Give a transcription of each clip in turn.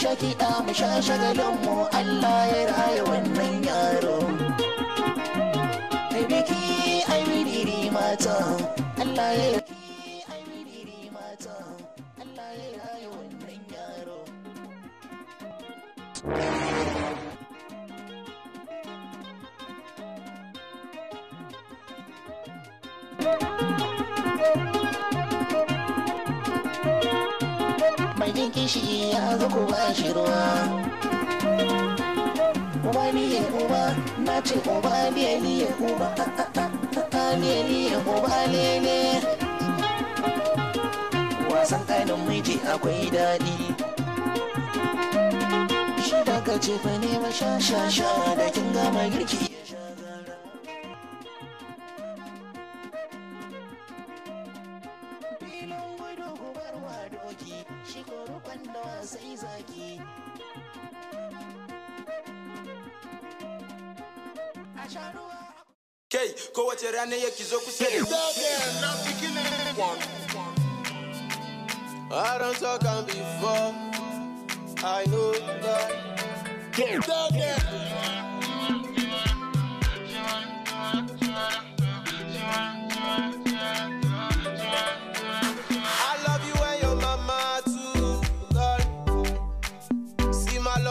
shakiɗa mu sha Allah ya raya wannan yaro ai biki ai bidiri mata Allah ya thank you sarkin kishi ya zo ku ba shi ruwa uba ni ya uba na ce uba ne ni ya uba ta ne ni ya uba ne wasan kanin miji akwai daɗi shi da ka ce fa ne ma sha sha sha da kin gama girki Chico. banda sai zaki Kai kowace rana I don't talk on before I know that Get up there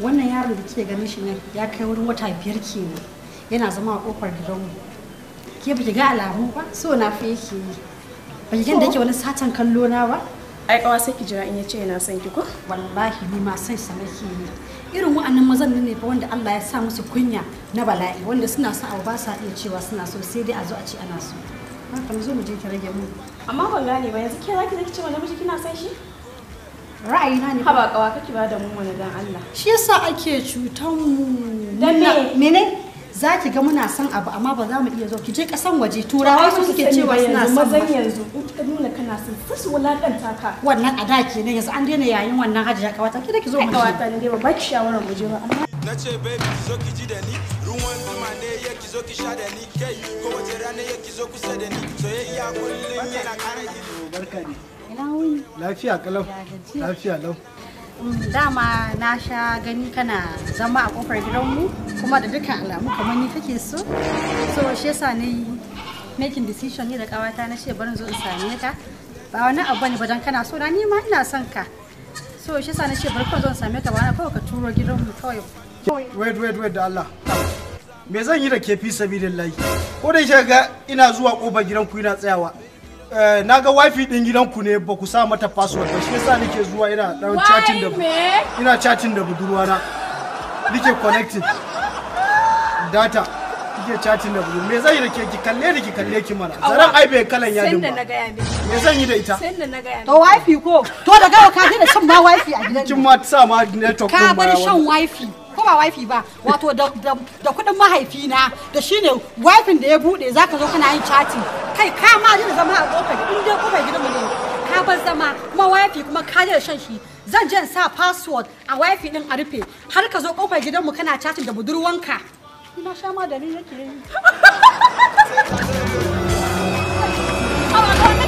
wannan yaron da kike ganin shi ne ya kai wurin wata biyar kenan. Yana zama a kofar gidanmu. Ke baki ga alamu ba? So na fi yake yi. ba gan da yake wani satan kallo na ba? Ai kawa sai ki jira in ya ce yana son ki ko? Wallahi ni ma sai sa nake yi. Irin wa'annan mazan ne fa wanda Allah ya sa musu kunya na bala'i wanda suna sa abu ba sa iya cewa suna so sai dai a zo a ce ana so. haka mu zo mu je ki rage mu amma ban gane ba yanzu ke zaki zaki ce namiji kina san shi ra'ayina ne haba kawa kake ba da mu wani dan Allah shi yasa ake cutan mu dan me ne? za ki ga muna son abu amma ba za mu iya zo ki je kasan waje turawa su suke cewa suna son mazan yanzu in ka nuna kana son su su wulakanta ka wannan a da kenan yanzu an daina yayin wannan hajji ya kawata ki da ki zo mu kawata ne ba ki shawara mu je ba amma na baby ki zo ki ji da ni ruwan zuma ne ya ki zo ki sha da ni kai kowace rana ya ki zo kusa da ni soyayya kullum yana kara ido barka ne lafiya kalau lafiya lau mm, dama na sha gani kana zama a kofar gidanmu kuma da dukkan alamu kamar ni kake so so shi yasa ne making decision ni da kawata na ce barin zo in same ka ba wani abu ne bajan kana so na ni ma ina son ka so shi yasa na ce bari kawai zo in same ka ba na kawai ka turo gidanmu kawai wait wait wait da Allah me zan yi da ke fi sabilillahi ko da ga ina zuwa kofar gidanku ina tsayawa eh, na ga wifi din gidanku ne ba ku sa mata password ba shi yasa nake zuwa ina dan chatting da ina chatting da budurwa na nake connecting data kike chatting da budurwa me zan yi da ke ki kalle ni ki kalle ki mana zaran ai bai kalan ya dinga na gaya me zan yi da ita sanda na to wifi ko to daga ka je da shan ma wifi a gidan kin ma sa ma network ka bar shan wifi ko ba wifi ba wato da kudin mahaifina da shine wifin da ya buɗe zaka zo kana yin chatting kai ka ma da zama a kofar in dai kofar ne ka bar zama kuma wifi kuma ka da shan shi zan je in sa password a wifi din a rufe har ka zo kofar mu kana chatting da budurwanka ina sha ma yake yi